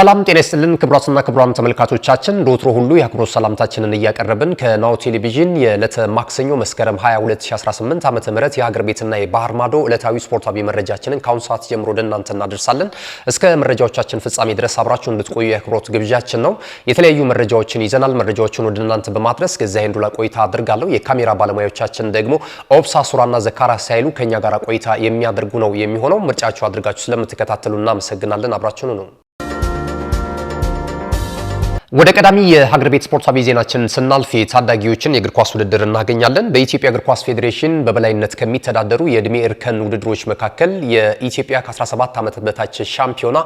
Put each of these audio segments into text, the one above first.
ሰላም ጤና ይስጥልን ክቡራትና ክቡራን ተመልካቾቻችን ዶትሮ ሁሉ የአክብሮት ሰላምታችንን እያቀረብን ከናሁ ቴሌቪዥን የዕለተ ማክሰኞ መስከረም 22 2018 ዓመተ ምህረት የሀገር ቤትና የባህር ማዶ ዕለታዊ ስፖርታዊ መረጃችንን ከአሁን ሰዓት ጀምሮ ወደ እናንተ እናደርሳለን። እስከ መረጃዎቻችን ፍጻሜ ድረስ አብራችሁ እንድትቆዩ የአክብሮት ግብዣችን ነው። የተለያዩ መረጃዎችን ይዘናል። መረጃዎችን ወደ እናንተ በማድረስ ከዚያ ሄንዱላ ቆይታ አድርጋለሁ። የካሜራ ባለሙያዎቻችን ደግሞ ኦብሳ ሱራና ዘካራ ሳይሉ ከኛ ጋር ቆይታ የሚያደርጉ ነው የሚሆነው። ምርጫችሁ አድርጋችሁ ስለምትከታተሉ እናመሰግናለን። አብራችሁኑ ነው ወደ ቀዳሚ የሀገር ቤት ስፖርታዊ ዜናችን ስናልፍ የታዳጊዎችን የእግር ኳስ ውድድር እናገኛለን። በኢትዮጵያ እግር ኳስ ፌዴሬሽን በበላይነት ከሚተዳደሩ የእድሜ እርከን ውድድሮች መካከል የኢትዮጵያ ከ17 ዓመት በታች ሻምፒዮና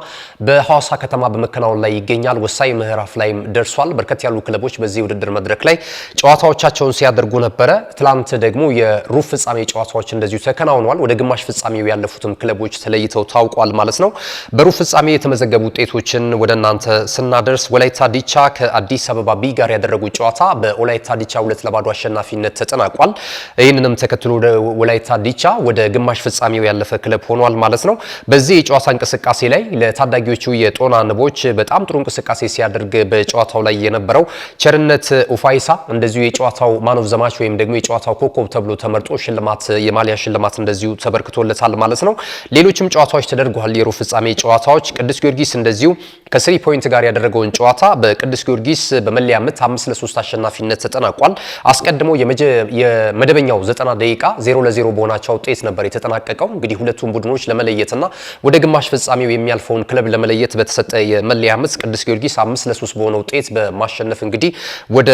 በሐዋሳ ከተማ በመከናወን ላይ ይገኛል። ወሳኝ ምዕራፍ ላይም ደርሷል። በርከት ያሉ ክለቦች በዚህ ውድድር መድረክ ላይ ጨዋታዎቻቸውን ሲያደርጉ ነበረ። ትላንት ደግሞ የሩብ ፍጻሜ ጨዋታዎች እንደዚሁ ተከናውነዋል። ወደ ግማሽ ፍጻሜው ያለፉትም ክለቦች ተለይተው ታውቋል ማለት ነው። በሩብ ፍጻሜ የተመዘገቡ ውጤቶችን ወደ እናንተ ስናደርስ ወላይታ ዲቻ ከአዲስ አበባ ቢ ጋር ያደረጉት ጨዋታ በወላይታ ዲቻ ሁለት ለባዶ አሸናፊነት ተጠናቋል። ይህንንም ተከትሎ ወላይታ ዲቻ ወደ ግማሽ ፍጻሜው ያለፈ ክለብ ሆኗል ማለት ነው። በዚህ የጨዋታ እንቅስቃሴ ላይ ለታዳጊዎቹ የጦና ንቦች በጣም ጥሩ እንቅስቃሴ ሲያደርግ በጨዋታው ላይ የነበረው ቸርነት ኡፋይሳ እንደዚሁ የጨዋታው ማን ኦፍ ወይም ደግሞ የጨዋታው ኮከብ ተብሎ ተመርጦ ሽልማት የማሊያ ሽልማት እንደዚሁ ተበርክቶለታል ማለት ነው። ሌሎችም ጨዋታዎች ተደርጓል። የሩብ ፍጻሜ ጨዋታዎች ቅዱስ ጊዮርጊስ እንደዚሁ ከስሪ ፖይንት ጋር ያደረገውን ጨዋታ ቅዱስ ጊዮርጊስ በመለያ ምት 5 ለ3 አሸናፊነት ተጠናቋል። አስቀድሞ የመደበኛው 90 ደቂቃ 0 ለ0 በሆናቸው ውጤት ነበር የተጠናቀቀው። እንግዲህ ሁለቱም ቡድኖች ለመለየትና ወደ ግማሽ ፍጻሜው የሚያልፈውን ክለብ ለመለየት በተሰጠ የመለያ ምት ቅዱስ ጊዮርጊስ 5 ለ3 በሆነ ውጤት በማሸነፍ እንግዲህ ወደ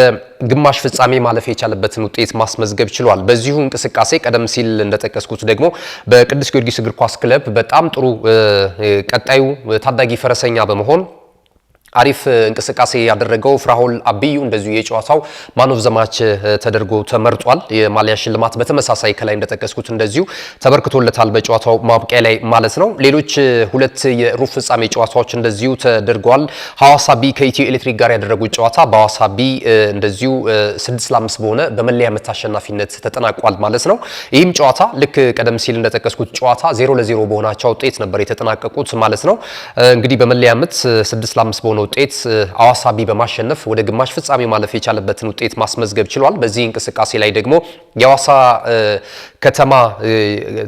ግማሽ ፍጻሜ ማለፍ የቻለበትን ውጤት ማስመዝገብ ችሏል። በዚሁ እንቅስቃሴ ቀደም ሲል እንደጠቀስኩት ደግሞ በቅዱስ ጊዮርጊስ እግር ኳስ ክለብ በጣም ጥሩ ቀጣዩ ታዳጊ ፈረሰኛ በመሆን አሪፍ እንቅስቃሴ ያደረገው ፍራኦል አብዩ እንደዚሁ የጨዋታው ማን ኦፍ ዘ ማች ተደርጎ ተመርጧል። የማሊያ ሽልማት በተመሳሳይ ከላይ እንደጠቀስኩት እንደዚሁ ተበርክቶለታል በጨዋታው ማብቂያ ላይ ማለት ነው። ሌሎች ሁለት የሩብ ፍጻሜ ጨዋታዎች እንደዚሁ ተደርገዋል። ሀዋሳ ቢ ከኢትዮ ኤሌክትሪክ ጋር ያደረጉት ጨዋታ በሀዋሳ ቢ እንደዚሁ ስድስት ለአምስት በሆነ በመለያ ምት አሸናፊነት ተጠናቋል ማለት ነው። ይህም ጨዋታ ልክ ቀደም ሲል እንደጠቀስኩት ጨዋታ ዜሮ ለዜሮ በሆናቸው ውጤት ነበር የተጠናቀቁት ማለት ነው። እንግዲህ በመለያ ምት ስድስት ለአምስት በሆነ ውጤት አዋሳቢ በማሸነፍ ወደ ግማሽ ፍጻሜ ማለፍ የቻለበትን ውጤት ማስመዝገብ ችሏል። በዚህ እንቅስቃሴ ላይ ደግሞ የአዋሳ ከተማ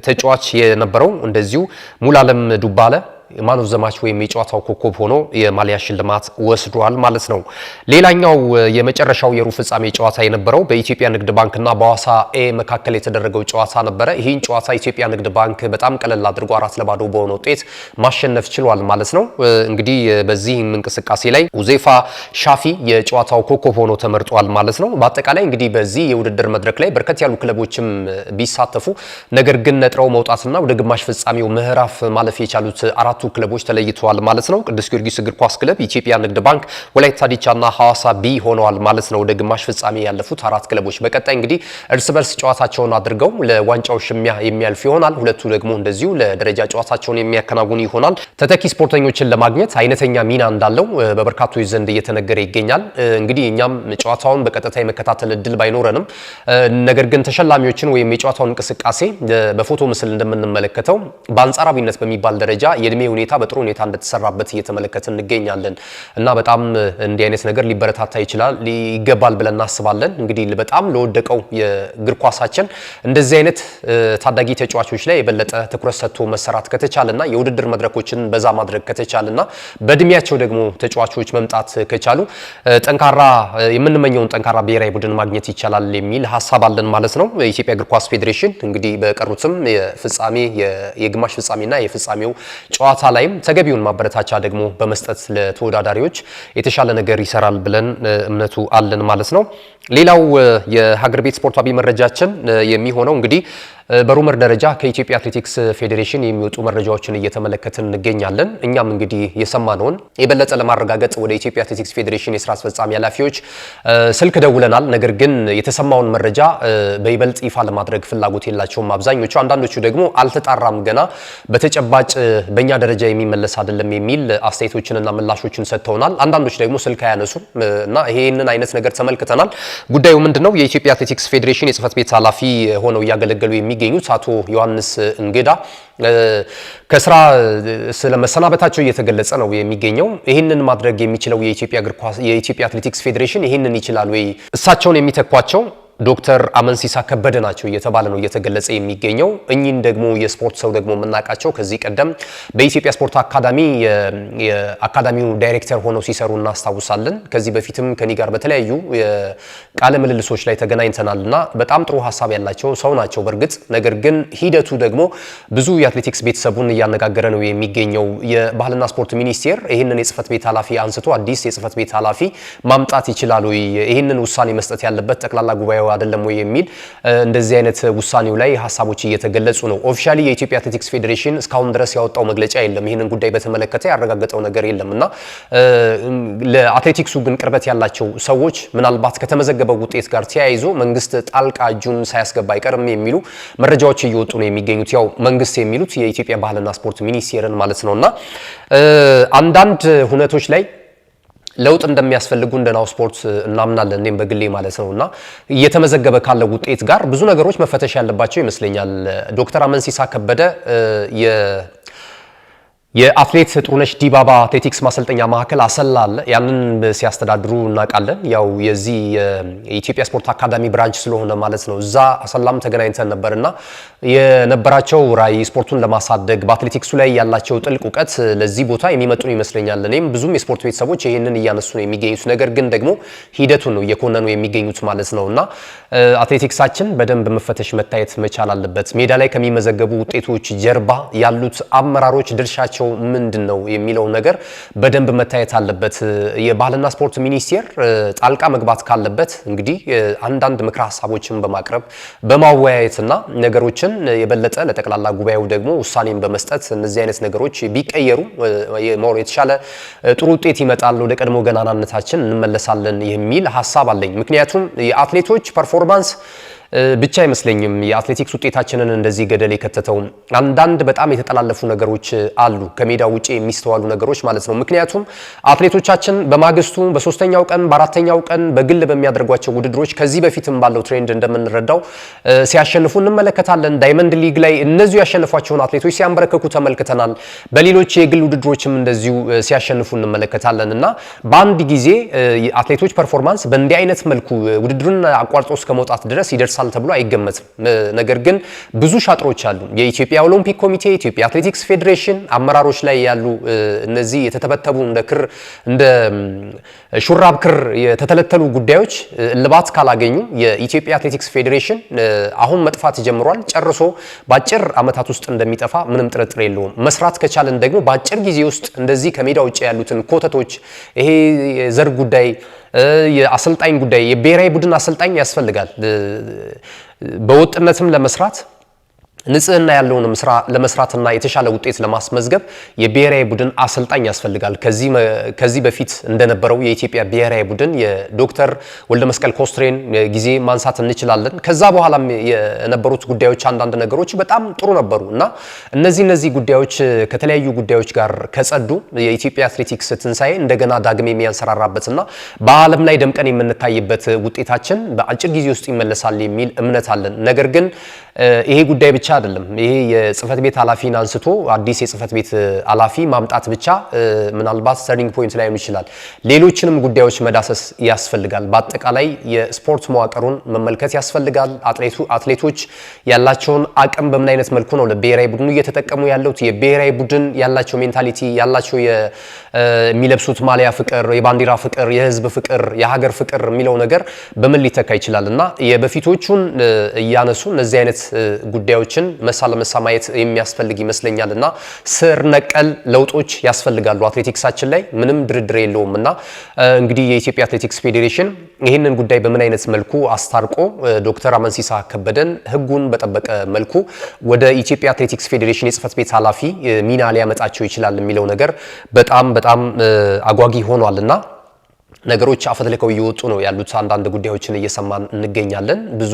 ተጫዋች የነበረው እንደዚሁ ሙሉዓለም ዱባለ ማን ኦፍ ዘ ማች ወይም የጨዋታው ኮከብ ሆኖ የማሊያ ሽልማት ወስዷል ማለት ነው። ሌላኛው የመጨረሻው የሩብ ፍጻሜ ጨዋታ የነበረው በኢትዮጵያ ንግድ ባንክና በሐዋሳ ኤ መካከል የተደረገው ጨዋታ ነበረ። ይህን ጨዋታ ኢትዮጵያ ንግድ ባንክ በጣም ቀለል አድርጎ አራት ለባዶ በሆነ ውጤት ማሸነፍ ችሏል ማለት ነው። እንግዲህ በዚህም እንቅስቃሴ ላይ ኡዜፋ ሻፊ የጨዋታው ኮከብ ሆኖ ተመርጧል ማለት ነው። በአጠቃላይ እንግዲህ በዚህ የውድድር መድረክ ላይ በርከት ያሉ ክለቦችም ቢሳተፉ ነገር ግን ነጥረው መውጣትና ወደ ግማሽ ፍጻሜው ምዕራፍ ማለፍ የቻሉት አራት አራቱ ክለቦች ተለይተዋል ማለት ነው። ቅዱስ ጊዮርጊስ እግር ኳስ ክለብ፣ ኢትዮጵያ ንግድ ባንክ፣ ወላይታ ዲቻና ሐዋሳ ቢ ሆነዋል ማለት ነው። ወደ ግማሽ ፍጻሜ ያለፉት አራት ክለቦች በቀጣይ እንግዲህ እርስ በርስ ጨዋታቸውን አድርገው ለዋንጫው ሽሚያ የሚያልፍ ይሆናል። ሁለቱ ደግሞ እንደዚሁ ለደረጃ ጨዋታቸውን የሚያከናውኑ ይሆናል። ተተኪ ስፖርተኞችን ለማግኘት አይነተኛ ሚና እንዳለው በበርካቶች ዘንድ እየተነገረ ይገኛል። እንግዲህ እኛም ጨዋታውን በቀጥታ የመከታተል እድል ባይኖረንም ነገር ግን ተሸላሚዎችን ወይም የጨዋታውን እንቅስቃሴ በፎቶ ምስል እንደምንመለከተው በአንጻራዊነት በሚባል ደረጃ የእድሜ ሁኔታ በጥሩ ሁኔታ እንደተሰራበት እየተመለከት እንገኛለን እና በጣም እንዲህ አይነት ነገር ሊበረታታ ይችላል ይገባል ብለን እናስባለን። እንግዲህ በጣም ለወደቀው የእግር ኳሳችን እንደዚህ አይነት ታዳጊ ተጫዋቾች ላይ የበለጠ ትኩረት ሰጥቶ መሰራት ከተቻለና የውድድር መድረኮችን በዛ ማድረግ ከተቻለና በእድሜያቸው ደግሞ ተጫዋቾች መምጣት ከቻሉ ጠንካራ የምንመኘውን ጠንካራ ብሔራዊ ቡድን ማግኘት ይቻላል የሚል ሀሳብ አለን ማለት ነው። የኢትዮጵያ እግር ኳስ ፌዴሬሽን እንግዲህ በቀሩትም የፍጻሜ የግማሽ ፍጻሜና የፍጻሜው ጨዋታ ግንባታ ላይም ተገቢውን ማበረታቻ ደግሞ በመስጠት ለተወዳዳሪዎች የተሻለ ነገር ይሰራል ብለን እምነቱ አለን ማለት ነው። ሌላው የሀገር ቤት ስፖርታዊ መረጃችን የሚሆነው እንግዲህ በሩመር ደረጃ ከኢትዮጵያ አትሌቲክስ ፌዴሬሽን የሚወጡ መረጃዎችን እየተመለከትን እንገኛለን። እኛም እንግዲህ የሰማነውን የበለጠ ለማረጋገጥ ወደ ኢትዮጵያ አትሌቲክስ ፌዴሬሽን የስራ አስፈጻሚ ኃላፊዎች ስልክ ደውለናል። ነገር ግን የተሰማውን መረጃ በይበልጥ ይፋ ለማድረግ ፍላጎት የላቸውም አብዛኞቹ። አንዳንዶቹ ደግሞ አልተጣራም ገና በተጨባጭ በእኛ ደረጃ የሚመለስ አይደለም የሚል አስተያየቶችንና ምላሾችን ሰጥተውናል። አንዳንዶች ደግሞ ስልክ አያነሱም እና ይህንን አይነት ነገር ተመልክተናል። ጉዳዩ ምንድነው? የኢትዮጵያ አትሌቲክስ ፌዴሬሽን የጽህፈት ቤት ኃላፊ ሆነው እያገለገሉ የሚ የሚገኙት አቶ ዮሐንስ እንግዳ ከስራ ስለመሰናበታቸው እየተገለጸ ነው የሚገኘው። ይህንን ማድረግ የሚችለው የኢትዮጵያ አትሌቲክስ ፌዴሬሽን ይህንን ይችላል ወይ? እሳቸውን የሚተኳቸው ዶክተር አመንሲሳ ከበደ ናቸው እየተባለ ነው እየተገለጸ የሚገኘው። እኚህን ደግሞ የስፖርት ሰው ደግሞ የምናውቃቸው ከዚህ ቀደም በኢትዮጵያ ስፖርት አካዳሚ የአካዳሚው ዳይሬክተር ሆነው ሲሰሩ እናስታውሳለን። ከዚህ በፊትም ከኔ ጋር በተለያዩ ቃለ ምልልሶች ላይ ተገናኝተናል እና በጣም ጥሩ ሀሳብ ያላቸው ሰው ናቸው በእርግጥ ነገር ግን ሂደቱ ደግሞ ብዙ የአትሌቲክስ ቤተሰቡን እያነጋገረ ነው የሚገኘው። የባህልና ስፖርት ሚኒስቴር ይህንን የጽህፈት ቤት ኃላፊ አንስቶ አዲስ የጽህፈት ቤት ኃላፊ ማምጣት ይችላሉ። ይህንን ውሳኔ መስጠት ያለበት ጠቅላላ ጉባኤ ነው አይደለም ወይ የሚል እንደዚህ አይነት ውሳኔው ላይ ሀሳቦች እየተገለጹ ነው። ኦፊሻሊ የኢትዮጵያ አትሌቲክስ ፌዴሬሽን እስካሁን ድረስ ያወጣው መግለጫ የለም፣ ይህንን ጉዳይ በተመለከተ ያረጋገጠው ነገር የለም እና ለአትሌቲክሱ ግን ቅርበት ያላቸው ሰዎች ምናልባት ከተመዘገበው ውጤት ጋር ተያይዞ መንግስት ጣልቃ እጁን ሳያስገባ አይቀርም የሚሉ መረጃዎች እየወጡ ነው የሚገኙት። ያው መንግስት የሚሉት የኢትዮጵያ ባህልና ስፖርት ሚኒስቴርን ማለት ነውና አንዳንድ ሁነቶች ላይ ለውጥ እንደሚያስፈልጉ እንደ ናሁ ስፖርት እናምናለን። እኔም በግሌ ማለት ነው እና እየተመዘገበ ካለው ውጤት ጋር ብዙ ነገሮች መፈተሽ ያለባቸው ይመስለኛል። ዶክተር አመንሲሳ ከበደ የአትሌት ጥሩነሽ ዲባባ አትሌቲክስ ማሰልጠኛ ማዕከል አሰላ አለ። ያንን ሲያስተዳድሩ እናውቃለን። ያው የዚህ የኢትዮጵያ ስፖርት አካዳሚ ብራንች ስለሆነ ማለት ነው። እዛ አሰላም ተገናኝተን ነበርና የነበራቸው ራይ ስፖርቱን ለማሳደግ በአትሌቲክሱ ላይ ያላቸው ጥልቅ እውቀት ለዚህ ቦታ የሚመጡ ይመስለኛል። እኔም ብዙም የስፖርት ቤተሰቦች ይህንን እያነሱ ነው የሚገኙት። ነገር ግን ደግሞ ሂደቱን ነው እየኮነኑ የሚገኙት ማለት ነው እና አትሌቲክሳችን በደንብ መፈተሽ መታየት መቻል አለበት። ሜዳ ላይ ከሚመዘገቡ ውጤቶች ጀርባ ያሉት አመራሮች ድርሻቸው መሰረታቸው ምንድን ነው የሚለው ነገር በደንብ መታየት አለበት። የባህልና ስፖርት ሚኒስቴር ጣልቃ መግባት ካለበት እንግዲህ አንዳንድ ምክረ ሀሳቦችን በማቅረብ በማወያየትና ነገሮችን የበለጠ ለጠቅላላ ጉባኤው ደግሞ ውሳኔን በመስጠት እነዚህ አይነት ነገሮች ቢቀየሩ የተሻለ ጥሩ ውጤት ይመጣል፣ ወደ ቀድሞ ገናናነታችን እንመለሳለን የሚል ሀሳብ አለኝ። ምክንያቱም የአትሌቶች ፐርፎርማንስ ብቻ አይመስለኝም የአትሌቲክስ ውጤታችንን እንደዚህ ገደል የከተተው። አንዳንድ በጣም የተጠላለፉ ነገሮች አሉ፣ ከሜዳ ውጭ የሚስተዋሉ ነገሮች ማለት ነው። ምክንያቱም አትሌቶቻችን በማግስቱ በሶስተኛው ቀን በአራተኛው ቀን በግል በሚያደርጓቸው ውድድሮች ከዚህ በፊትም ባለው ትሬንድ እንደምንረዳው ሲያሸንፉ እንመለከታለን። ዳይመንድ ሊግ ላይ እነዚሁ ያሸነፏቸውን አትሌቶች ሲያንበረከኩ ተመልክተናል። በሌሎች የግል ውድድሮችም እንደዚሁ ሲያሸንፉ እንመለከታለን እና በአንድ ጊዜ አትሌቶች ፐርፎርማንስ በእንዲህ አይነት መልኩ ውድድሩን አቋርጦ እስከ መውጣት ድረስ ይደርሳል ይደርሳል ተብሎ አይገመትም። ነገር ግን ብዙ ሻጥሮች አሉ። የኢትዮጵያ ኦሎምፒክ ኮሚቴ፣ የኢትዮጵያ አትሌቲክስ ፌዴሬሽን አመራሮች ላይ ያሉ እነዚህ የተተበተቡ እንደ ክር እንደ ሹራብ ክር የተተለተሉ ጉዳዮች እልባት ካላገኙ የኢትዮጵያ አትሌቲክስ ፌዴሬሽን አሁን መጥፋት ጀምሯል። ጨርሶ በአጭር ዓመታት ውስጥ እንደሚጠፋ ምንም ጥርጥር የለውም። መስራት ከቻለን ደግሞ በአጭር ጊዜ ውስጥ እንደዚህ ከሜዳ ውጭ ያሉትን ኮተቶች፣ ይሄ የዘር ጉዳይ፣ የአሰልጣኝ ጉዳይ፣ የብሔራዊ ቡድን አሰልጣኝ ያስፈልጋል በወጥነትም ለመስራት ንጽህና ያለውንም ስራ ለመስራትና የተሻለ ውጤት ለማስመዝገብ የብሔራዊ ቡድን አሰልጣኝ ያስፈልጋል። ከዚህ በፊት እንደነበረው የኢትዮጵያ ብሔራዊ ቡድን የዶክተር ወልደመስቀል ኮስትሬን ጊዜ ማንሳት እንችላለን። ከዛ በኋላም የነበሩት ጉዳዮች አንዳንድ ነገሮች በጣም ጥሩ ነበሩ እና እነዚህ እነዚህ ጉዳዮች ከተለያዩ ጉዳዮች ጋር ከጸዱ የኢትዮጵያ አትሌቲክስ ትንሳኤ እንደገና ዳግም የሚያንሰራራበትና በዓለም ላይ ደምቀን የምንታይበት ውጤታችን በአጭር ጊዜ ውስጥ ይመለሳል የሚል እምነት አለን። ነገር ግን ይሄ ጉዳይ ብቻ አይደለም። ይሄ የጽህፈት ቤት ኃላፊን አንስቶ አዲስ የጽህፈት ቤት ኃላፊ ማምጣት ብቻ ምናልባት ስተርኒንግ ፖይንት ላይሆን ይችላል። ሌሎችንም ጉዳዮች መዳሰስ ያስፈልጋል። በአጠቃላይ የስፖርት መዋቅሩን መመልከት ያስፈልጋል። አትሌቶች ያላቸውን አቅም በምን አይነት መልኩ ነው ለብሔራዊ ቡድኑ እየተጠቀሙ ያለውት? የብሔራዊ ቡድን ያላቸው ሜንታሊቲ ያላቸው የሚለብሱት ማሊያ ፍቅር፣ የባንዲራ ፍቅር፣ የህዝብ ፍቅር፣ የሀገር ፍቅር የሚለው ነገር በምን ሊተካ ይችላል እና የበፊቶቹን እያነሱ እነዚህ አይነት ጉዳዮችን ለውጦችን መሳ ለመሳ ማየት የሚያስፈልግ ይመስለኛል እና ስር ነቀል ለውጦች ያስፈልጋሉ አትሌቲክሳችን ላይ ምንም ድርድር የለውም እና እንግዲህ የኢትዮጵያ አትሌቲክስ ፌዴሬሽን ይህንን ጉዳይ በምን አይነት መልኩ አስታርቆ ዶክተር አመንሲሳ ከበደን ህጉን በጠበቀ መልኩ ወደ ኢትዮጵያ አትሌቲክስ ፌዴሬሽን የጽህፈት ቤት ኃላፊ ሚና ሊያመጣቸው ይችላል የሚለው ነገር በጣም በጣም አጓጊ ሆኗል እና ነገሮች አፈትልከው እየወጡ ነው ያሉት። አንዳንድ ጉዳዮችን እየሰማን እንገኛለን። ብዙ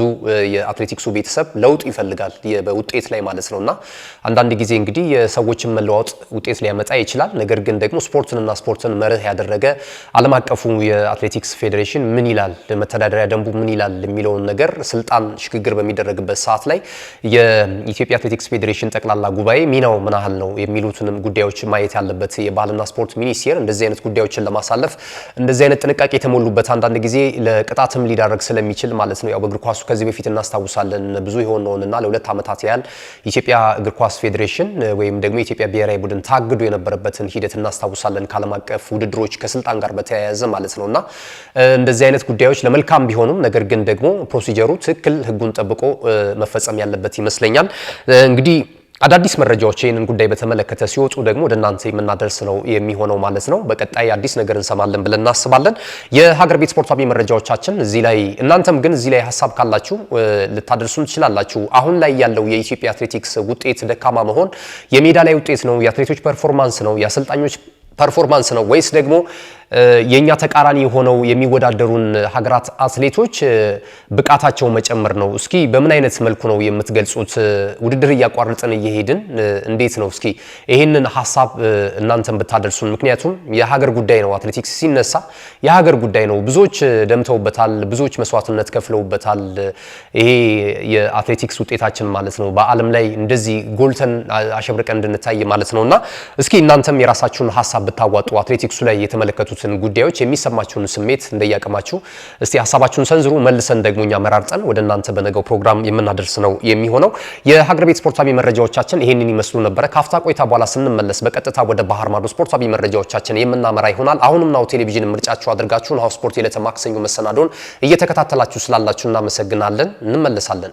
የአትሌቲክሱ ቤተሰብ ለውጥ ይፈልጋል በውጤት ላይ ማለት ነው እና አንዳንድ ጊዜ እንግዲህ የሰዎችን መለዋወጥ ውጤት ሊያመጣ ይችላል። ነገር ግን ደግሞ ስፖርትንና ስፖርትን መርህ ያደረገ ዓለም አቀፉ የአትሌቲክስ ፌዴሬሽን ምን ይላል፣ መተዳደሪያ ደንቡ ምን ይላል የሚለውን ነገር ስልጣን ሽግግር በሚደረግበት ሰዓት ላይ የኢትዮጵያ አትሌቲክስ ፌዴሬሽን ጠቅላላ ጉባኤ ሚናው ምን ያህል ነው የሚሉትንም ጉዳዮች ማየት ያለበት የባህልና ስፖርት ሚኒስቴር እንደዚህ አይነት ጉዳዮችን ለማሳለፍ እንደዚህ አይነት ጥንቃቄ የተሞሉበት አንዳንድ ጊዜ ለቅጣትም ሊዳረግ ስለሚችል ማለት ነው። ያው በእግር ኳሱ ከዚህ በፊት እናስታውሳለን ብዙ የሆነውንና ለሁለት ዓመታት ያህል ኢትዮጵያ እግር ኳስ ፌዴሬሽን ወይም ደግሞ የኢትዮጵያ ብሔራዊ ቡድን ታግዶ የነበረበትን ሂደት እናስታውሳለን። ከዓለም አቀፍ ውድድሮች ከስልጣን ጋር በተያያዘ ማለት ነው እና እንደዚህ አይነት ጉዳዮች ለመልካም ቢሆኑም ነገር ግን ደግሞ ፕሮሲጀሩ ትክክል ህጉን ጠብቆ መፈጸም ያለበት ይመስለኛል እንግዲህ አዳዲስ መረጃዎች ይህንን ጉዳይ በተመለከተ ሲወጡ ደግሞ ወደ እናንተ የምናደርስ ነው የሚሆነው ማለት ነው። በቀጣይ አዲስ ነገር እንሰማለን ብለን እናስባለን። የሀገር ቤት ስፖርታዊ መረጃዎቻችን እዚህ ላይ እናንተም ግን እዚህ ላይ ሀሳብ ካላችሁ ልታደርሱን ትችላላችሁ። አሁን ላይ ያለው የኢትዮጵያ አትሌቲክስ ውጤት ደካማ መሆን የሜዳ ላይ ውጤት ነው፣ የአትሌቶች ፐርፎርማንስ ነው፣ የአሰልጣኞች ፐርፎርማንስ ነው ወይስ ደግሞ የኛ ተቃራኒ የሆነው የሚወዳደሩን ሀገራት አትሌቶች ብቃታቸው መጨመር ነው። እስኪ በምን አይነት መልኩ ነው የምትገልጹት? ውድድር እያቋረጥን እየሄድን እንዴት ነው? እስኪ ይህንን ሀሳብ እናንተን ብታደርሱን። ምክንያቱም የሀገር ጉዳይ ነው። አትሌቲክስ ሲነሳ የሀገር ጉዳይ ነው። ብዙዎች ደምተውበታል፣ ብዙዎች መስዋዕትነት ከፍለውበታል። ይሄ የአትሌቲክስ ውጤታችን ማለት ነው። በዓለም ላይ እንደዚህ ጎልተን አሸብርቀን እንድንታይ ማለት ነው እና እስኪ እናንተም የራሳችሁን ሀሳብ ብታዋጡ አትሌቲክሱ ላይ የተመለከቱት የሚመለከቱትን ጉዳዮች የሚሰማችሁን ስሜት እንደያቀማችሁ እስቲ ሀሳባችሁን ሰንዝሩ። መልሰን ደግሞ እኛ መራርጠን ወደ እናንተ በነገው ፕሮግራም የምናደርስ ነው የሚሆነው። የሀገር ቤት ስፖርታዊ መረጃዎቻችን ይህንን ይመስሉ ነበረ። ካፍታ ቆይታ በኋላ ስንመለስ በቀጥታ ወደ ባህር ማዶ ስፖርታዊ መረጃዎቻችን የምናመራ ይሆናል። አሁንም ናሁ ቴሌቪዥን ምርጫችሁ አድርጋችሁ ናሁ ስፖርት የዕለተ ማክሰኞ መሰናዶን እየተከታተላችሁ ስላላችሁ እናመሰግናለን። እንመለሳለን።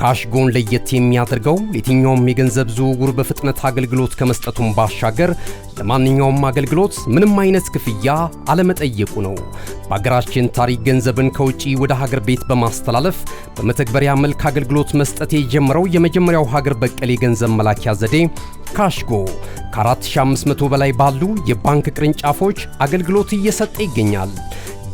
ካሽጎን ለየት የሚያደርገው የትኛውም የገንዘብ ዝውውር በፍጥነት አገልግሎት ከመስጠቱን ባሻገር ለማንኛውም አገልግሎት ምንም አይነት ክፍያ አለመጠየቁ ነው። በአገራችን ታሪክ ገንዘብን ከውጪ ወደ ሀገር ቤት በማስተላለፍ በመተግበሪያ መልክ አገልግሎት መስጠት የጀመረው የመጀመሪያው ሀገር በቀል የገንዘብ መላኪያ ዘዴ ካሽጎ ከ4500 በላይ ባሉ የባንክ ቅርንጫፎች አገልግሎት እየሰጠ ይገኛል።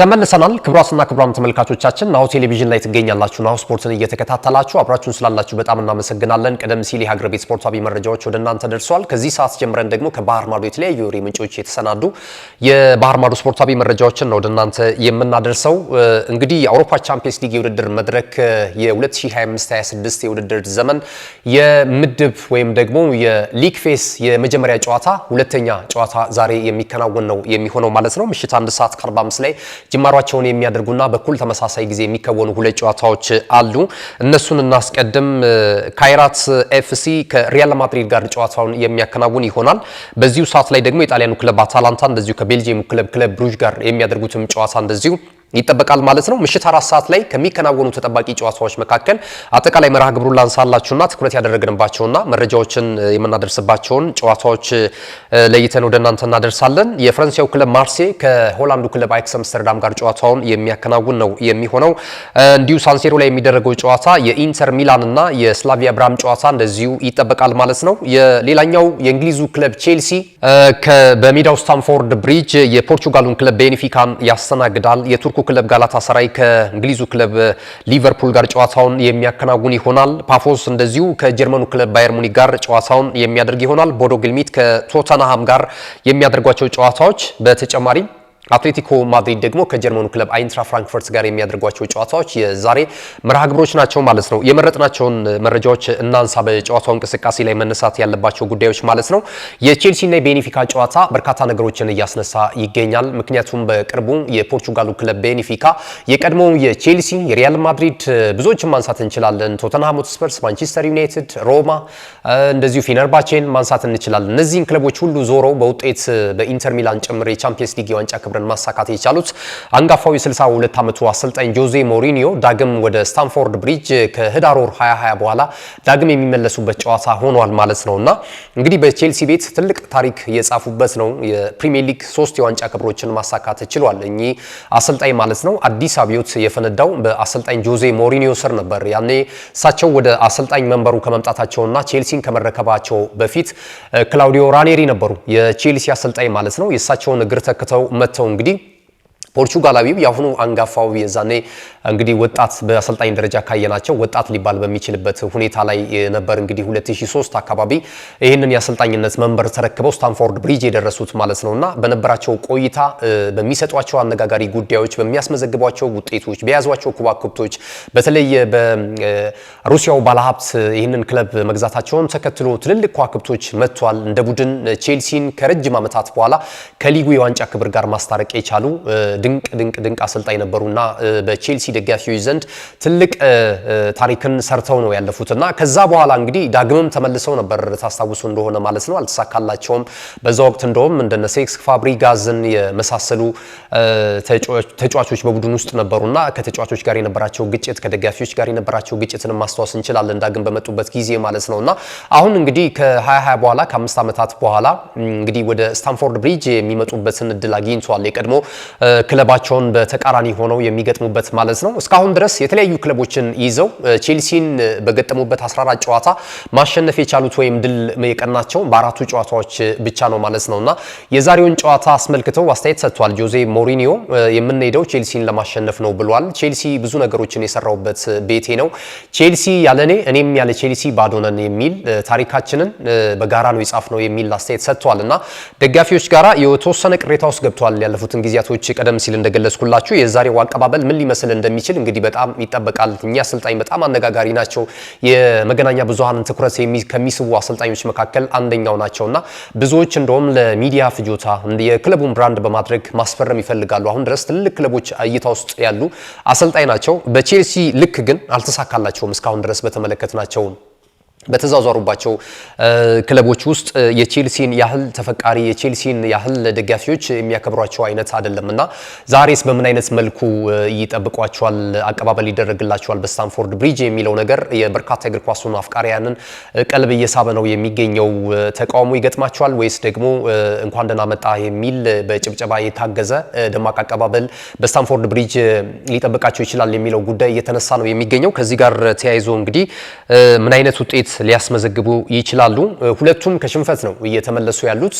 ተመልሰናል። ክቡራትና ክቡራን ተመልካቾቻችን ናሁ ቴሌቪዥን ላይ ትገኛላችሁ። ናሁ ስፖርትን እየተከታተላችሁ አብራችሁን ስላላችሁ በጣም እናመሰግናለን። ቀደም ሲል የሀገር ቤት ስፖርታዊ መረጃዎች ወደ እናንተ ደርሰዋል። ከዚህ ሰዓት ጀምረን ደግሞ ከባህር ማዶ የተለያዩ የወሬ ምንጮች የተሰናዱ የባህር ማዶ ስፖርታዊ መረጃዎችን ነው ወደ እናንተ የምናደርሰው። እንግዲህ የአውሮፓ ቻምፒየንስ ሊግ የውድድር መድረክ የ2025/26 የውድድር ዘመን የምድብ ወይም ደግሞ የሊግ ፌስ የመጀመሪያ ጨዋታ ሁለተኛ ጨዋታ ዛሬ የሚከናወን ነው የሚሆነው ማለት ነው ምሽት አንድ ሰዓት ከ45 ላይ ጅማሯቸውን የሚያደርጉና በኩል ተመሳሳይ ጊዜ የሚከወኑ ሁለት ጨዋታዎች አሉ። እነሱን እናስቀድም። ካይራት ኤፍሲ ከሪያል ማድሪድ ጋር ጨዋታውን የሚያከናውን ይሆናል። በዚሁ ሰዓት ላይ ደግሞ የጣሊያኑ ክለብ አታላንታ እንደዚሁ ከቤልጅየሙ ክለብ ክለብ ብሩጅ ጋር የሚያደርጉትም ጨዋታ እንደዚሁ ይጠበቃል ማለት ነው። ምሽት አራት ሰዓት ላይ ከሚከናወኑ ተጠባቂ ጨዋታዎች መካከል አጠቃላይ መርሃ ግብሩን ላንሳላችሁና ትኩረት ያደረግንባቸውና መረጃዎችን የምናደርስባቸውን ጨዋታዎች ለይተን ወደ እናንተ እናደርሳለን። የፈረንሳዩ ክለብ ማርሴ ከሆላንዱ ክለብ አይክስ አምስተርዳም ጋር ጨዋታውን የሚያከናውን ነው የሚሆነው። እንዲሁ ሳንሴሮ ላይ የሚደረገው ጨዋታ የኢንተር ሚላን እና የስላቪያ ብራም ጨዋታ እንደዚሁ ይጠበቃል ማለት ነው። የሌላኛው የእንግሊዙ ክለብ ቼልሲ በሜዳው ስታንፎርድ ብሪጅ የፖርቹጋሉን ክለብ ቤኒፊካን ያስተናግዳል። የቱርኩ ከሞሮኮ ክለብ ሰራይ ከእንግሊዙ ክለብ ሊቨርፑል ጋር ጨዋታውን የሚያከናውን ይሆናል። ፓፎስ እንደዚሁ ከጀርመኑ ክለብ ባየር ሙኒክ ጋር ጨዋታውን የሚያደርግ ይሆናል። ቦዶ ግልሚት ከቶተናሃም ጋር የሚያደርጓቸው ጨዋታዎች በተጨማሪም አትሌቲኮ ማድሪድ ደግሞ ከጀርመኑ ክለብ አይንትራ ፍራንክፈርት ጋር የሚያደርጓቸው ጨዋታዎች የዛሬ መርሃ ግብሮች ናቸው ማለት ነው። የመረጥናቸውን መረጃዎች እናንሳ። በጨዋታው እንቅስቃሴ ላይ መነሳት ያለባቸው ጉዳዮች ማለት ነው። የቼልሲና የቤኒፊካ ጨዋታ በርካታ ነገሮችን እያስነሳ ይገኛል። ምክንያቱም በቅርቡ የፖርቹጋሉ ክለብ ቤኒፊካ የቀድሞው የቼልሲ የሪያል ማድሪድ ብዙዎችን ማንሳት እንችላለን። ቶተንሃም ሆትስፐርስ፣ ማንቸስተር ዩናይትድ፣ ሮማ እንደዚሁ ፊነርባቼን ማንሳት እንችላለን። እነዚህን ክለቦች ሁሉ ዞረው በውጤት በኢንተር ሚላን ጭምር የቻምፒየንስ ሊግ የዋንጫ ክብረ ፉክክርን ማሳካት የቻሉት አንጋፋው የ62 ዓመቱ አሰልጣኝ ጆዜ ሞሪኒዮ ዳግም ወደ ስታንፎርድ ብሪጅ ከህዳር ወር 2020 በኋላ ዳግም የሚመለሱበት ጨዋታ ሆኗል ማለት ነው እና እንግዲህ በቼልሲ ቤት ትልቅ ታሪክ የጻፉበት ነው። የፕሪሚየር ሊግ ሶስት የዋንጫ ክብሮችን ማሳካት ችሏል። እኚህ አሰልጣኝ ማለት ነው። አዲስ አብዮት የፈነዳው በአሰልጣኝ ጆዜ ሞሪኒዮ ስር ነበር። ያኔ እሳቸው ወደ አሰልጣኝ መንበሩ ከመምጣታቸውና ቼልሲን ከመረከባቸው በፊት ክላውዲዮ ራኔሪ ነበሩ የቼልሲ አሰልጣኝ ማለት ነው። የእሳቸውን እግር ተክተው መጥተው እንግዲህ ፖርቹጋላዊው የአሁኑ አንጋፋው የዛኔ እንግዲህ ወጣት በአሰልጣኝ ደረጃ ካየናቸው ወጣት ሊባል በሚችልበት ሁኔታ ላይ ነበር። እንግዲህ 2003 አካባቢ ይህንን የአሰልጣኝነት መንበር ተረክበው ስታንፎርድ ብሪጅ የደረሱት ማለት ነውና በነበራቸው ቆይታ በሚሰጧቸው አነጋጋሪ ጉዳዮች፣ በሚያስመዘግቧቸው ውጤቶች፣ በያዟቸው ኩባክብቶች በተለይ በሩሲያው ባለሀብት ይህንን ክለብ መግዛታቸውን ተከትሎ ትልልቅ ኩባክብቶች መጥቷል። እንደ ቡድን ቼልሲን ከረጅም ዓመታት በኋላ ከሊጉ የዋንጫ ክብር ጋር ማስታረቅ የቻሉ ድንቅ ድንቅ ድንቅ አሰልጣኝ ነበሩና በቼልሲ ደጋፊዎች ዘንድ ትልቅ ታሪክን ሰርተው ነው ያለፉትና ከዛ በኋላ እንግዲህ ዳግምም ተመልሰው ነበር ታስታውሱ እንደሆነ ማለት ነው። አልተሳካላቸውም። በዛ ወቅት እንደውም እንደነ ሴክስ ፋብሪጋዝን የመሳሰሉ ተጫዋቾች በቡድን ውስጥ ነበሩና ከተጫዋቾች ጋር የነበራቸው ግጭት፣ ከደጋፊዎች ጋር የነበራቸው ግጭትን ማስታወስ እንችላለን። ዳግም በመጡበት ጊዜ ማለት ነውና አሁን እንግዲህ ከ2020 በኋላ ከአምስት ዓመታት በኋላ እንግዲህ ወደ ስታንፎርድ ብሪጅ የሚመጡበትን እድል አግኝተዋል። የቀድሞ ክለባቸውን በተቃራኒ ሆነው የሚገጥሙበት ማለት ነው። እስካሁን ድረስ የተለያዩ ክለቦችን ይዘው ቼልሲን በገጠሙበት 14 ጨዋታ ማሸነፍ የቻሉት ወይም ድል የቀናቸው በአራቱ ጨዋታዎች ብቻ ነው ማለት ነው እና የዛሬውን ጨዋታ አስመልክተው አስተያየት ሰጥቷል። ጆዜ ሞሪኒዮ የምንሄደው ቼልሲን ለማሸነፍ ነው ብሏል። ቼልሲ ብዙ ነገሮችን የሰራውበት ቤቴ ነው። ቼልሲ ያለኔ እኔም ያለ ቼልሲ ባዶ ነን የሚል ታሪካችንን በጋራ ነው የጻፍነው የሚል አስተያየት ሰጥቷል እና ደጋፊዎች ጋራ የተወሰነ ቅሬታ ውስጥ ገብቷል ያለፉትን ጊዜያቶች ቀደም ሲል እንደገለጽኩላችሁ የዛሬው አቀባበል ምን ሊመስል እንደሚችል እንግዲህ በጣም ይጠበቃል። እኛ አሰልጣኝ በጣም አነጋጋሪ ናቸው። የመገናኛ ብዙሃንን ትኩረት ከሚስቡ አሰልጣኞች መካከል አንደኛው ናቸውና ብዙዎች እንደውም ለሚዲያ ፍጆታ የክለቡን ብራንድ በማድረግ ማስፈረም ይፈልጋሉ። አሁን ድረስ ትልልቅ ክለቦች እይታ ውስጥ ያሉ አሰልጣኝ ናቸው። በቼልሲ ልክ ግን አልተሳካላቸውም እስካሁን ድረስ በተመለከትናቸው በተዘዋወሩባቸው ክለቦች ውስጥ የቼልሲን ያህል ተፈቃሪ የቼልሲን ያህል ደጋፊዎች የሚያከብሯቸው አይነት አይደለም እና ዛሬስ በምን አይነት መልኩ ይጠብቋቸዋል? አቀባበል ይደረግላቸዋል በስታንፎርድ ብሪጅ የሚለው ነገር የበርካታ እግር ኳሱን አፍቃሪያንን ቀልብ እየሳበ ነው የሚገኘው። ተቃውሞ ይገጥማቸዋል ወይስ ደግሞ እንኳን ደህና መጣ የሚል በጭብጨባ የታገዘ ደማቅ አቀባበል በስታንፎርድ ብሪጅ ሊጠብቃቸው ይችላል የሚለው ጉዳይ እየተነሳ ነው የሚገኘው። ከዚህ ጋር ተያይዞ እንግዲህ ምን አይነት ውጤት ውጤት ሊያስመዘግቡ ይችላሉ። ሁለቱም ከሽንፈት ነው እየተመለሱ ያሉት።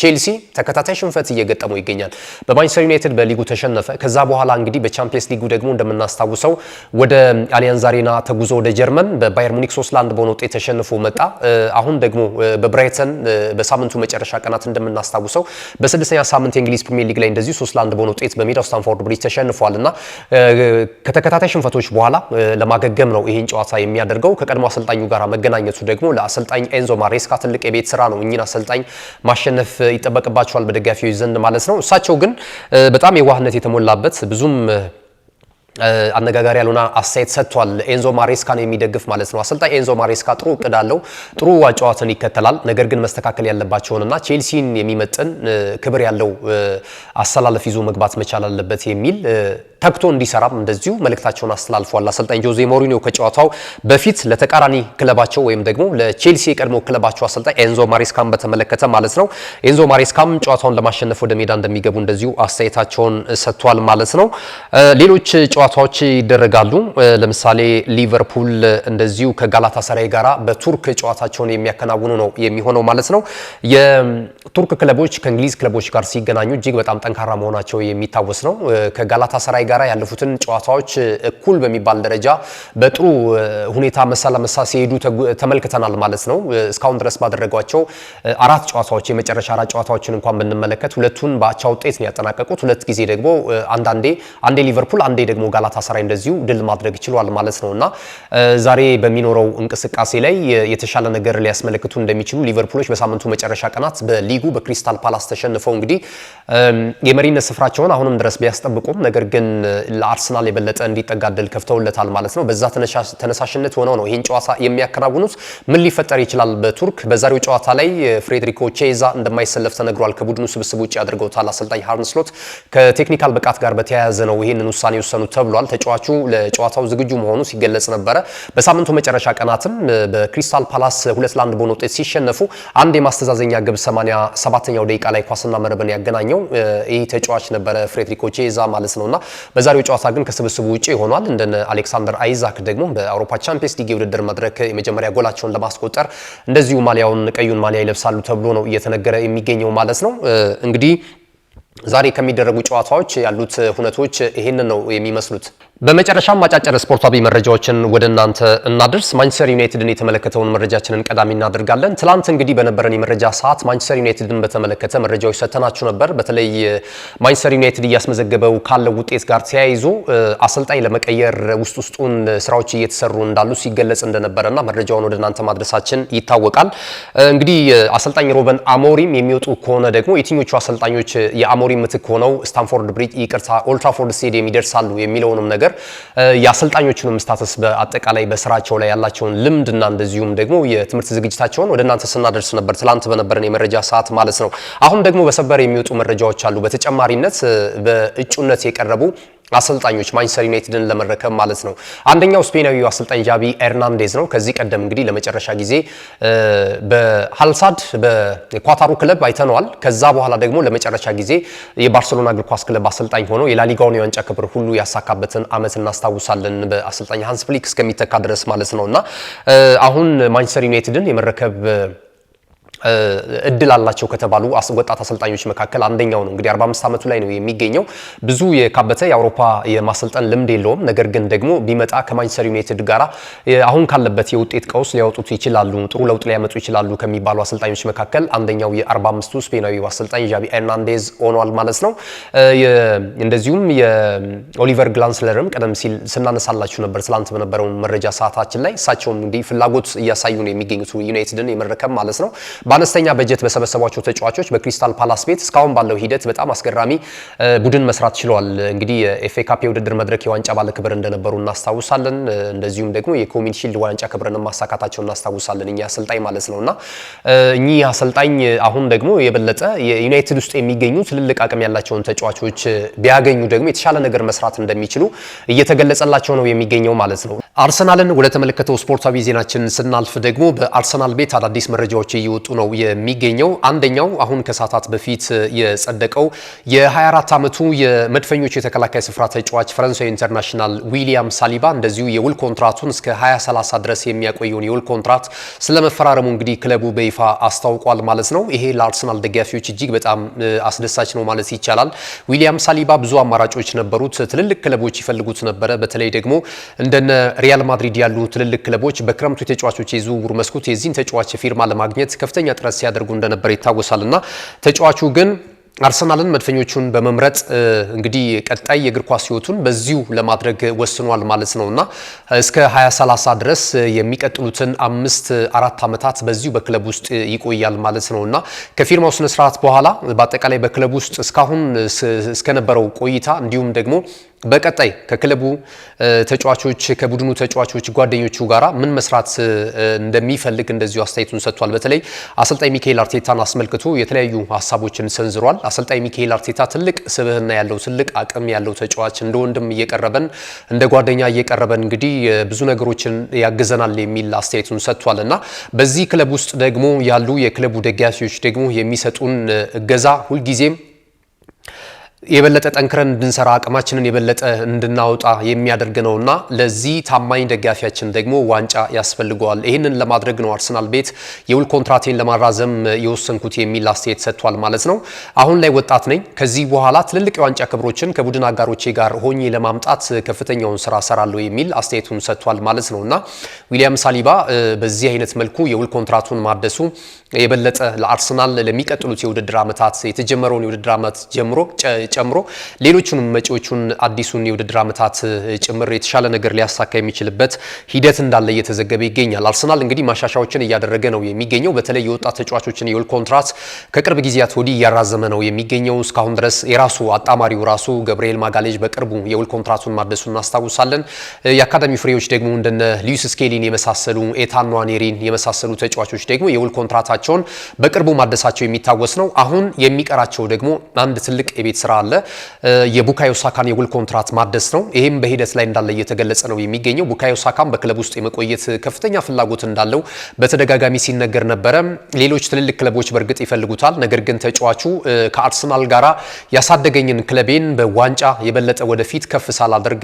ቼልሲ ተከታታይ ሽንፈት እየገጠመው ይገኛል። በማንቸስተር ዩናይትድ በሊጉ ተሸነፈ። ከዛ በኋላ እንግዲህ በቻምፒየንስ ሊጉ ደግሞ እንደምናስታውሰው ወደ አሊያንዝ አሬና ተጉዞ ወደ ጀርመን በባየር ሙኒክ 3 ለ1 በሆነ ውጤት ተሸንፎ መጣ። አሁን ደግሞ በብራይተን በሳምንቱ መጨረሻ ቀናት እንደምናስታውሰው በስድስተኛ ሳምንት የእንግሊዝ ፕሪሚየር ሊግ ላይ እንደዚሁ 3 ለ1 በሆነ ውጤት በሜዳው ስታንፎርድ ብሪጅ ተሸንፏል እና ከተከታታይ ሽንፈቶች በኋላ ለማገገም ነው ይህን ጨዋታ የሚያደርገው። ከቀድሞ አሰልጣኙ ጋር መገናኘቱ ደግሞ ለአሰልጣኝ ኤንዞ ማሬስካ ትልቅ የቤት ስራ ነው። እኚህን አሰልጣኝ ማሸነፍ ይጠበቅባቸዋል በደጋፊዎች ዘንድ ማለት ነው። እሳቸው ግን በጣም የዋህነት የተሞላበት ብዙም አነጋጋሪ ያልሆነ አስተያየት ሰጥቷል። ኤንዞ ማሬስካን የሚደግፍ ማለት ነው። አሰልጣኝ ኤንዞ ማሬስካ ጥሩ እቅድ አለው፣ ጥሩ ጨዋታን ይከተላል። ነገር ግን መስተካከል ያለባቸውንና ቼልሲን የሚመጥን ክብር ያለው አሰላለፍ ይዞ መግባት መቻል አለበት የሚል ተግቶ እንዲሰራም እንደዚሁ መልእክታቸውን አስተላልፏል። አሰልጣኝ ጆዜ ሞሪኒዮ ከጨዋታው በፊት ለተቃራኒ ክለባቸው ወይም ደግሞ ለቼልሲ የቀድሞ ክለባቸው አሰልጣኝ ኤንዞ ማሬስካም በተመለከተ ማለት ነው ኤንዞ ማሬስካም ጨዋታውን ለማሸነፍ ወደ ሜዳ እንደሚገቡ እንደዚሁ አስተያየታቸውን ሰጥቷል ማለት ነው። ሌሎች ጨዋታዎች ይደረጋሉ። ለምሳሌ ሊቨርፑል እንደዚሁ ከጋላታ ሰራይ ጋራ በቱርክ ጨዋታቸውን የሚያከናውኑ ነው የሚሆነው ማለት ነው። የቱርክ ክለቦች ከእንግሊዝ ክለቦች ጋር ሲገናኙ እጅግ በጣም ጠንካራ መሆናቸው የሚታወስ ነው። ከጋላታ ሰራይ ጋር ጋር ያለፉትን ጨዋታዎች እኩል በሚባል ደረጃ በጥሩ ሁኔታ መሳ ለመሳ ሲሄዱ ተመልክተናል ማለት ነው። እስካሁን ድረስ ባደረጓቸው አራት ጨዋታዎች የመጨረሻ አራት ጨዋታዎችን እንኳን ብንመለከት ሁለቱን በአቻ ውጤት ነው ያጠናቀቁት። ሁለት ጊዜ ደግሞ አንዳንዴ አንዴ ሊቨርፑል አንዴ ደግሞ ጋላታ ሰራይ እንደዚሁ ድል ማድረግ ችሏል ማለት ነው እና ዛሬ በሚኖረው እንቅስቃሴ ላይ የተሻለ ነገር ሊያስመለክቱ እንደሚችሉ ሊቨርፑሎች በሳምንቱ መጨረሻ ቀናት በሊጉ በክሪስታል ፓላስ ተሸንፈው እንግዲህ የመሪነት ስፍራቸውን አሁንም ድረስ ቢያስጠብቁም ነገር ግን ለአርሰናል የበለጠ እንዲጠጋ እድል ከፍተውለታል ማለት ነው። በዛ ተነሳሽነት ሆነው ነው ይህን ጨዋታ የሚያከናውኑት። ምን ሊፈጠር ይችላል በቱርክ በዛሬው ጨዋታ ላይ ፍሬድሪኮ ቼዛ እንደማይሰለፍ ተነግሯል። ከቡድኑ ስብስብ ውጭ አድርገውታል አሰልጣኝ ሃርንስሎት። ከቴክኒካል ብቃት ጋር በተያያዘ ነው ይህንን ውሳኔ የወሰኑት ተብሏል። ተጫዋቹ ለጨዋታው ዝግጁ መሆኑ ሲገለጽ ነበረ። በሳምንቱ መጨረሻ ቀናትም በክሪስታል ፓላስ ሁለት ለአንድ በሆነ ውጤት ሲሸነፉ አንድ የማስተዛዘኛ ግብ 87ኛው ደቂቃ ላይ ኳስና መረብን ያገናኘው ይህ ተጫዋች ነበረ ፍሬድሪኮ ቼዛ ማለት ነውና በዛሬው ጨዋታ ግን ከስብስቡ ውጪ ሆኗል። እንደነ አሌክሳንደር አይዛክ ደግሞ በአውሮፓ ቻምፒየንስ ሊግ የውድድር መድረክ የመጀመሪያ ጎላቸውን ለማስቆጠር እንደዚሁ ማሊያውን ቀዩን ማሊያ ይለብሳሉ ተብሎ ነው እየተነገረ የሚገኘው ማለት ነው እንግዲህ ዛሬ ከሚደረጉ ጨዋታዎች ያሉት ሁነቶች ይህንን ነው የሚመስሉት። በመጨረሻም አጫጭር ስፖርታዊ መረጃዎችን ወደ እናንተ እናድርስ። ማንቸስተር ዩናይትድን የተመለከተውን መረጃችንን ቀዳሚ እናደርጋለን። ትላንት እንግዲህ በነበረን የመረጃ ሰዓት ማንቸስተር ዩናይትድን በተመለከተ መረጃዎች ሰተናችሁ ነበር። በተለይ ማንቸስተር ዩናይትድ እያስመዘገበው ካለው ውጤት ጋር ተያይዞ አሰልጣኝ ለመቀየር ውስጥ ውስጡን ስራዎች እየተሰሩ እንዳሉ ሲገለጽ እንደነበረና መረጃውን ወደ እናንተ ማድረሳችን ይታወቃል። እንግዲህ አሰልጣኝ ሮበን አሞሪም የሚወጡ ከሆነ ደግሞ የትኞቹ አሰልጣኞች የአሞሪም ምትክ ሆነው ስታንፎርድ ብሪጅ ይቅርታ ኦልትራፎርድ ስቴዲየም ይደርሳሉ የሚለውንም ነገር ነገር የአሰልጣኞቹንም ስታተስ በአጠቃላይ በስራቸው ላይ ያላቸውን ልምድና እንደዚሁም ደግሞ የትምህርት ዝግጅታቸውን ወደ እናንተ ስናደርስ ነበር ትላንት በነበረን የመረጃ ሰዓት ማለት ነው። አሁን ደግሞ በሰበር የሚወጡ መረጃዎች አሉ። በተጨማሪነት በእጩነት የቀረቡ አሰልጣኞች ማንቸስተር ዩናይትድን ለመረከብ ማለት ነው። አንደኛው ስፔናዊ አሰልጣኝ ጃቢ ኤርናንዴዝ ነው። ከዚህ ቀደም እንግዲህ ለመጨረሻ ጊዜ በሃልሳድ በኳታሩ ክለብ አይተነዋል። ከዛ በኋላ ደግሞ ለመጨረሻ ጊዜ የባርሰሎና እግር ኳስ ክለብ አሰልጣኝ ሆኖ የላሊጋውን የዋንጫ ክብር ሁሉ ያሳካበትን ዓመት እናስታውሳለን። በአሰልጣኝ ሃንስ ፍሊክ እስከሚተካ ድረስ ማለት ነው እና አሁን ማንቸስተር ዩናይትድን የመረከብ እድል አላቸው ከተባሉ ወጣት አሰልጣኞች መካከል አንደኛው ነው። እንግዲህ 45 ዓመቱ ላይ ነው የሚገኘው። ብዙ የካበተ የአውሮፓ የማሰልጠን ልምድ የለውም። ነገር ግን ደግሞ ቢመጣ ከማንቸስተር ዩናይትድ ጋራ አሁን ካለበት የውጤት ቀውስ ሊያወጡት ይችላሉ፣ ጥሩ ለውጥ ሊያመጡ ይችላሉ ከሚባሉ አሰልጣኞች መካከል አንደኛው የ45ቱ ስፔናዊ አሰልጣኝ ዣቢ ኤርናንዴዝ ሆኗል ማለት ነው። እንደዚሁም የኦሊቨር ግላንስለርም ቀደም ሲል ስናነሳላችሁ ነበር፣ ትላንት በነበረው መረጃ ሰዓታችን ላይ እሳቸውም እንዲህ ፍላጎት እያሳዩ ነው የሚገኙት ዩናይትድን የመረከብ ማለት ነው። በአነስተኛ በጀት በሰበሰቧቸው ተጫዋቾች በክሪስታል ፓላስ ቤት እስካሁን ባለው ሂደት በጣም አስገራሚ ቡድን መስራት ችሏል። እንግዲህ የኤፍ ካፕ የውድድር መድረክ የዋንጫ ባለ ክብር እንደነበሩ እናስታውሳለን። እንደዚሁም ደግሞ የኮሚን ሺልድ ዋንጫ ክብርን ማሳካታቸው እናስታውሳለን። እኚህ አሰልጣኝ ማለት እና እኚህ አሰልጣኝ አሁን ደግሞ የበለጠ የዩናይትድ ውስጥ የሚገኙ ትልልቅ አቅም ያላቸውን ተጫዋቾች ቢያገኙ ደግሞ የተሻለ ነገር መስራት እንደሚችሉ እየተገለጸላቸው ነው የሚገኘው ማለት ነው። አርሰናልን ወደ ተመለከተው ስፖርታዊ ዜናችን ስናልፍ ደግሞ በአርሰናል ቤት አዳዲስ መረጃዎች እየወጡ ነው ነው የሚገኘው። አንደኛው አሁን ከሰዓታት በፊት የጸደቀው የ24 ዓመቱ የመድፈኞች የተከላካይ ስፍራ ተጫዋች ፈረንሳዊ ኢንተርናሽናል ዊሊያም ሳሊባ እንደዚሁ የውል ኮንትራቱን እስከ 2030 ድረስ የሚያቆየውን የውል ኮንትራት ስለመፈራረሙ እንግዲህ ክለቡ በይፋ አስታውቋል ማለት ነው። ይሄ ለአርሰናል ደጋፊዎች እጅግ በጣም አስደሳች ነው ማለት ይቻላል። ዊሊያም ሳሊባ ብዙ አማራጮች ነበሩት። ትልልቅ ክለቦች ይፈልጉት ነበረ። በተለይ ደግሞ እንደነ ሪያል ማድሪድ ያሉ ትልልቅ ክለቦች በክረምቱ የተጫዋቾች የዝውውር መስኮት የዚህን ተጫዋች ፊርማ ለማግኘት ከፍተኛ ከፍተኛ ጥረት ሲያደርጉ እንደነበር ይታወሳልና ተጫዋቹ ግን አርሰናልን መድፈኞቹን በመምረጥ እንግዲህ ቀጣይ የእግር ኳስ ህይወቱን በዚሁ ለማድረግ ወስኗል ማለት ነው እና እስከ 2030 ድረስ የሚቀጥሉትን አምስት አራት ዓመታት በዚሁ በክለብ ውስጥ ይቆያል ማለት ነው እና ከፊርማው ስነስርዓት ስርዓት በኋላ በአጠቃላይ በክለብ ውስጥ እስካሁን እስከነበረው ቆይታ እንዲሁም ደግሞ በቀጣይ ከክለቡ ተጫዋቾች ከቡድኑ ተጫዋቾች ጓደኞቹ ጋራ ምን መስራት እንደሚፈልግ እንደዚሁ አስተያየቱን ሰጥቷል። በተለይ አሰልጣኝ ሚካኤል አርቴታን አስመልክቶ የተለያዩ ሀሳቦችን ሰንዝሯል። አሰልጣኝ ሚካኤል አርቴታ ትልቅ ስብህና ያለው ትልቅ አቅም ያለው ተጫዋች እንደ ወንድም እየቀረበን እንደ ጓደኛ እየቀረበን እንግዲህ ብዙ ነገሮችን ያግዘናል የሚል አስተያየቱን ሰጥቷል እና በዚህ ክለብ ውስጥ ደግሞ ያሉ የክለቡ ደጋፊዎች ደግሞ የሚሰጡን እገዛ ሁልጊዜም የበለጠ ጠንክረን እንድንሰራ አቅማችንን የበለጠ እንድናወጣ የሚያደርግ እና ለዚህ ታማኝ ደጋፊያችን ደግሞ ዋንጫ ያስፈልገዋል። ይህንን ለማድረግ ነው አርሰናል ቤት የውል ኮንትራቴን ለማራዘም የወሰንኩት የሚል አስተያየት ሰጥቷል ማለት ነው። አሁን ላይ ወጣት ነኝ። ከዚህ በኋላ ትልልቅ የዋንጫ ክብሮችን ከቡድን አጋሮቼ ጋር ሆኜ ለማምጣት ከፍተኛውን ስራ ሰራለሁ የሚል አስተያየቱን ሰጥቷል ማለት ነው እና ዊሊያም ሳሊባ በዚህ አይነት መልኩ የውል ኮንትራቱን ማደሱ የበለጠ ለአርሰናል ለሚቀጥሉት የውድድር ዓመታት የተጀመረውን የውድድር ዓመት ጀምሮ ጨምሮ ሌሎቹንም መጪዎቹን አዲሱን የውድድር ዓመታት ጭምር የተሻለ ነገር ሊያሳካ የሚችልበት ሂደት እንዳለ እየተዘገበ ይገኛል። አርሰናል እንግዲህ ማሻሻዎችን እያደረገ ነው የሚገኘው። በተለይ የወጣት ተጫዋቾችን የውል ኮንትራት ከቅርብ ጊዜያት ወዲህ እያራዘመ ነው የሚገኘው። እስካሁን ድረስ የራሱ አጣማሪው ራሱ ገብርኤል ማጋሌጅ በቅርቡ የውል ኮንትራቱን ማደሱ እናስታውሳለን። የአካዳሚ ፍሬዎች ደግሞ እንደነ ሊዩስ ስኬሊን የመሳሰሉ ኤታን ኗኔሪን የመሳሰሉ ተጫዋቾች ደግሞ የውል ኮንትራታቸውን በቅርቡ ማደሳቸው የሚታወስ ነው። አሁን የሚቀራቸው ደግሞ አንድ ትልቅ የቤት ስራ አለ። የቡካዮ ሳካን የውል ኮንትራት ማደስ ነው። ይህም በሂደት ላይ እንዳለ እየተገለጸ ነው የሚገኘው። ቡካዮ ሳካን በክለብ ውስጥ የመቆየት ከፍተኛ ፍላጎት እንዳለው በተደጋጋሚ ሲነገር ነበረ። ሌሎች ትልልቅ ክለቦች በእርግጥ ይፈልጉታል። ነገር ግን ተጫዋቹ ከአርሰናል ጋራ ያሳደገኝን ክለቤን በዋንጫ የበለጠ ወደፊት ከፍ ሳላደርግ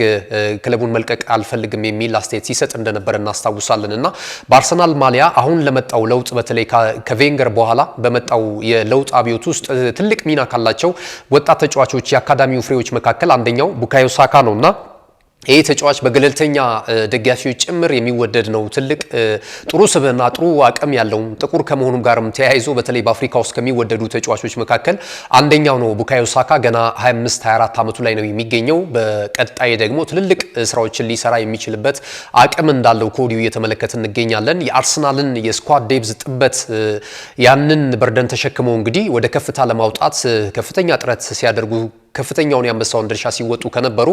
ክለቡን መልቀቅ አልፈልግም የሚል አስተያየት ሲሰጥ እንደነበረ እናስታውሳለን እና በአርሰናል ማሊያ አሁን ለመጣው ለውጥ በተለይ ከቬንገር በኋላ በመጣው የለውጥ አብዮት ውስጥ ትልቅ ሚና ካላቸው ወጣት ተጫዋ ተጫዋቾች የአካዳሚው ፍሬዎች መካከል አንደኛው ቡካዮ ሳካ ነውና ይህ ተጫዋች በገለልተኛ ደጋፊዎች ጭምር የሚወደድ ነው። ትልቅ ጥሩ ስብዕና፣ ጥሩ አቅም ያለው ጥቁር ከመሆኑም ጋርም ተያይዞ በተለይ በአፍሪካ ውስጥ ከሚወደዱ ተጫዋቾች መካከል አንደኛው ነው። ቡካዮ ሳካ ገና 25 24 ዓመቱ ላይ ነው የሚገኘው። በቀጣይ ደግሞ ትልልቅ ስራዎችን ሊሰራ የሚችልበት አቅም እንዳለው ከወዲሁ እየተመለከት እንገኛለን። የአርሰናልን የስኳድ ዴብዝ ጥበት ያንን በርደን ተሸክመው እንግዲህ ወደ ከፍታ ለማውጣት ከፍተኛ ጥረት ሲያደርጉ ከፍተኛውን የአንበሳውን ድርሻ ሲወጡ ከነበሩ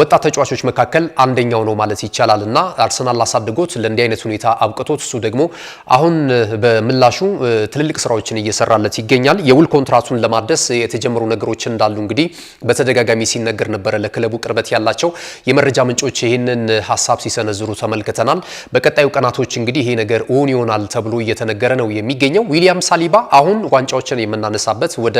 ወጣት ተጫዋቾች መካከል አንደኛው ነው ማለት ይቻላል እና አርሰናል አሳድጎት ለእንዲህ አይነት ሁኔታ አብቅቶት እሱ ደግሞ አሁን በምላሹ ትልልቅ ስራዎችን እየሰራለት ይገኛል። የውል ኮንትራቱን ለማደስ የተጀመሩ ነገሮች እንዳሉ እንግዲህ በተደጋጋሚ ሲነገር ነበረ። ለክለቡ ቅርበት ያላቸው የመረጃ ምንጮች ይህንን ሀሳብ ሲሰነዝሩ ተመልክተናል። በቀጣዩ ቀናቶች እንግዲህ ይሄ ነገር እውን ይሆናል ተብሎ እየተነገረ ነው የሚገኘው። ዊሊያም ሳሊባ አሁን ዋንጫዎችን የምናነሳበት ወደ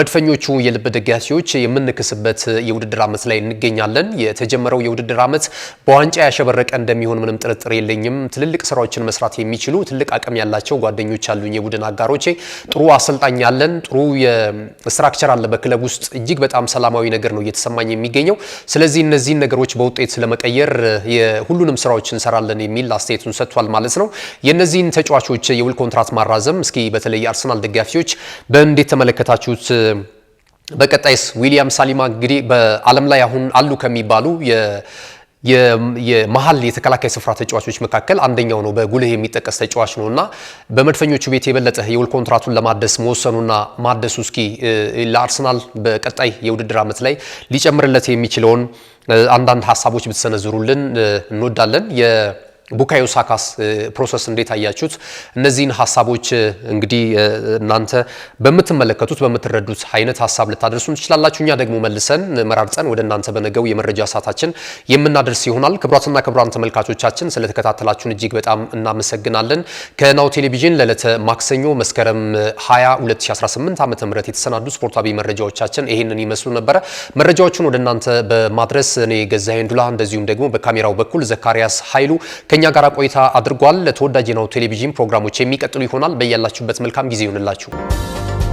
መድፈኞቹ የልብ ደጋፊዎች የምንክስበት የውድድር ዓመት ላይ እንገኛለን። የተጀመረው የውድድር ዓመት በዋንጫ ያሸበረቀ እንደሚሆን ምንም ጥርጥር የለኝም። ትልልቅ ስራዎችን መስራት የሚችሉ ትልቅ አቅም ያላቸው ጓደኞች አሉኝ፣ የቡድን አጋሮቼ። ጥሩ አሰልጣኝ አለን፣ ጥሩ ስትራክቸር አለ በክለብ ውስጥ። እጅግ በጣም ሰላማዊ ነገር ነው እየተሰማኝ የሚገኘው። ስለዚህ እነዚህን ነገሮች በውጤት ለመቀየር የሁሉንም ስራዎች እንሰራለን የሚል አስተያየቱን ሰጥቷል ማለት ነው። የእነዚህን ተጫዋቾች የውል ኮንትራት ማራዘም እስኪ በተለይ አርሰናል ደጋፊዎች በእንዴት ተመለከታችሁት? በቀጣይስ ዊሊያም ሳሊማ እንግዲህ በዓለም ላይ አሁን አሉ ከሚባሉ የመሀል የተከላካይ ስፍራ ተጫዋቾች መካከል አንደኛው ነው። በጉልህ የሚጠቀስ ተጫዋች ነው እና በመድፈኞቹ ቤት የበለጠ የውል ኮንትራቱን ለማደስ መወሰኑና ማደሱ እስኪ ለአርሰናል በቀጣይ የውድድር ዓመት ላይ ሊጨምርለት የሚችለውን አንዳንድ ሀሳቦች ብትሰነዝሩልን እንወዳለን። ቡካዮ ሳካስ ፕሮሰስ እንዴት አያችሁት? እነዚህን ሀሳቦች እንግዲህ እናንተ በምትመለከቱት በምትረዱት አይነት ሀሳብ ልታደርሱን ትችላላችሁ። እኛ ደግሞ መልሰን መራርጠን ወደ እናንተ በነገው የመረጃ ሰዓታችን የምናደርስ ይሆናል። ክቡራትና ክቡራን ተመልካቾቻችን ስለተከታተላችሁን እጅግ በጣም እናመሰግናለን። ከናሁ ቴሌቪዥን ለዕለተ ማክሰኞ መስከረም 20 2018 ዓ.ም የተሰናዱ ስፖርታዊ መረጃዎቻችን ይህንን ይመስሉ ነበረ። መረጃዎቹን ወደ እናንተ በማድረስ እኔ ገዛ ሄንዱላ እንደዚሁም ደግሞ በካሜራው በኩል ዘካሪያስ ኃይሉ ከኛ ጋር ቆይታ አድርጓል። ለተወዳጅ ነው ቴሌቪዥን ፕሮግራሞች የሚቀጥሉ ይሆናል። በያላችሁበት መልካም ጊዜ ይሆንላችሁ።